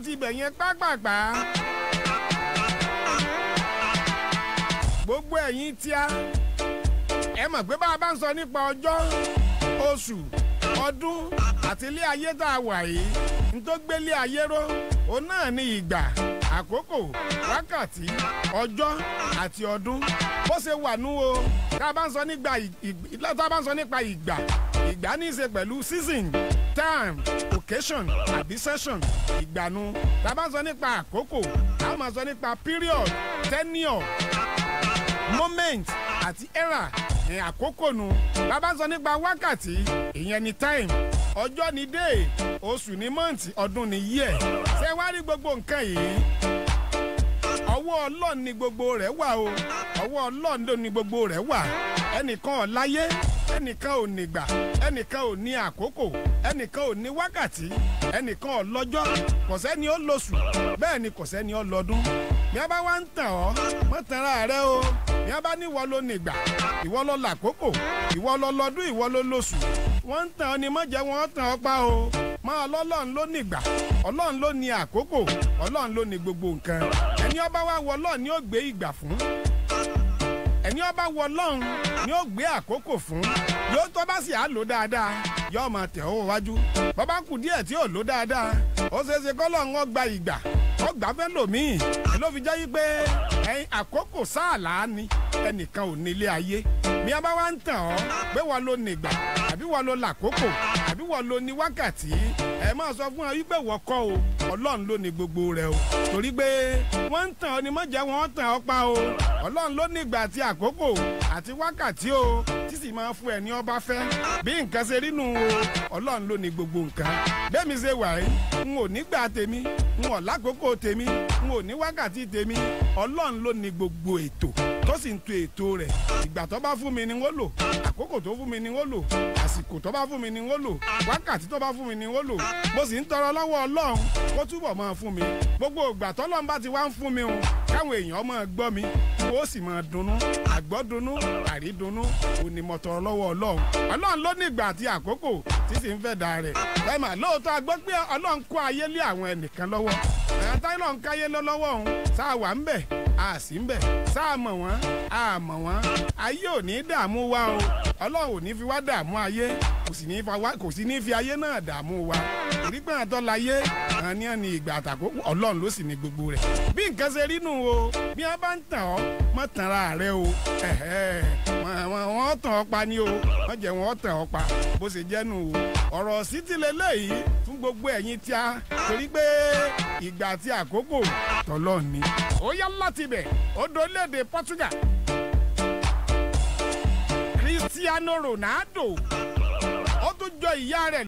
láti ibẹ̀ yẹn pápápá. gbogbo ẹ̀yin tíá ẹ mọ̀ pé bá a bá ń sọ nípa ọjọ́ oṣù ọdún àti ilé ayé tá a wà yìí ní tó gbélé ayé ró òun náà ní ìgbà. àkókò wákàtí ọjọ́ àti ọdún bó ṣe wà nú o tá a bá ń sọ nígbà ìgbà tá a bá ń sọ nípa ìgbà ìgbà ní í ṣe pẹ̀lú season time occasion àbí session ìgbànu tá a bá ń sọ nípa àkókò a máa sọ nípa period tenure moment àti era ní àkókò nu tá a bá ń sọ nípa wákàtí ìyẹn ni time ọjọ́ ni dé oṣù ni mọ́ǹtì ọdún ni yíẹ̀ ṣé wàá rí gbogbo nǹkan yìí ọwọ́ ọlọ́run ni gbogbo rẹ̀ wà o ọwọ́ ọlọ́run ni gbogbo rẹ̀ wà ẹnìkan ò láyé ẹnìkan ò nígbà ẹnìkan ò ní àkókò ẹnìkan ò ní wákàtí ẹnìkan ò lọ́jọ́ kò sẹ́ni ó lóṣù bẹ́ẹ̀ ni kò sẹ́ni ó lọ́dún bí a bá wá ń tàn ọ́ mọ́ tanra rẹ o bí a bá ní ìwọ ló nígbà ìwọ ló làkókò ìwọ ló lọ́dún ìwọ ló lóṣù wọ́n ń tàn ọ́ ni má jẹ́ wọ́n tàn ọ́ pa o máa lọ́lọ́run ló ní ìgbà ọlọ́run ló àkókò ọlọ́run ló ní gbogbo nǹkan ẹni ọba wa wọ ọlọ́run ni ó gbé ìgbà fún ẹni ọba wọ ọlọ́run ni ó gbé àkókò fún yóò tó bá sì á dáadáa yóò máa tẹ̀ ọ́ wájú bàbá kù díẹ̀ tí ò lò dáadáa ó ṣe àbí wọ́n lo làkókò àbí wọ́n lo ní wákàtí ẹ máa sọ fún wa wípé wọ́n kọ́ o ọlọ́run ló ní gbogbo rẹ̀ o torí pé wọ́n ń tàn ọ́ ni mọ́jẹ́ wọn tàn ọ́ pa o ọlọ́run ló ní ìgbà àti àkókò àti wákàtí o tí sì máa fún ẹ ní ọba fẹ́ bí nǹkan ṣe rí nù o ọlọ́run ló ní gbogbo nǹkan bẹ́ẹ̀mi ṣe wà ẹ́ n ò ní gbà tèmi n ò lákòókò tèmi n ò ní wákàtí tèmi ọlọ́run ló ní gbogbo ètò tó sì ń to ètò rẹ̀ ìgbà tó bá fún mi ni wọ́n lò àkókò tó fún mi ni wọ́n lò àsìkò tó bá fún mi ni wọ́n lò wákàtí tó bá fún mi ni wọ́n lò mo sì ń tọrọ lọ́wọ́ ọlọ́run kó túbọ̀ máa fún mi gbogbo ìgbà tọ́lọ́n bá ti wá ń fún mi o káwọn èèyàn máa gbọ́ mi kó sì máa dunnú àgbọ́dunnú àrídunnú onímọ̀tọ̀ lọ́wọ́ ọlọ́run ọlọ́run ló ní ìgbà àti àkókò tí ń fẹ́ da rẹ̀ ẹ lóòótọ́ a pé ọlọ́run kó ayé lé àwọn ẹnìkan lọ́wọ́ àwọn táyọ̀ káyé lọ́wọ́ òun sáà wà ń bẹ̀ a sì ń bẹ̀ sáà mọ̀ a mọ̀ wọ́n ayé ò ní dààmú wa o ọlọ́run ní fi wá ayé kò sì ní fi ayé náà dààmú wa ìrígbọ́n àtọ́láyé àní àní ìgbà àtàkó ní gbogbo rẹ̀ bí nǹkan ṣe o bí wọ́n bá ń tàn ọ́ mọ́ rẹ o wọ́n tàn ọ́ pa ni o wọ́n jẹ́ wọ́n tàn ọ́ o ọ̀rọ̀ sí ti fún gbogbo tí a torí ìgbà àti àkókò tọ́lọ́ ni. ó yá láti bẹ̀ ó dolóde Portugal. Cristiano Ronaldo ó tún jọ ìyá rẹ̀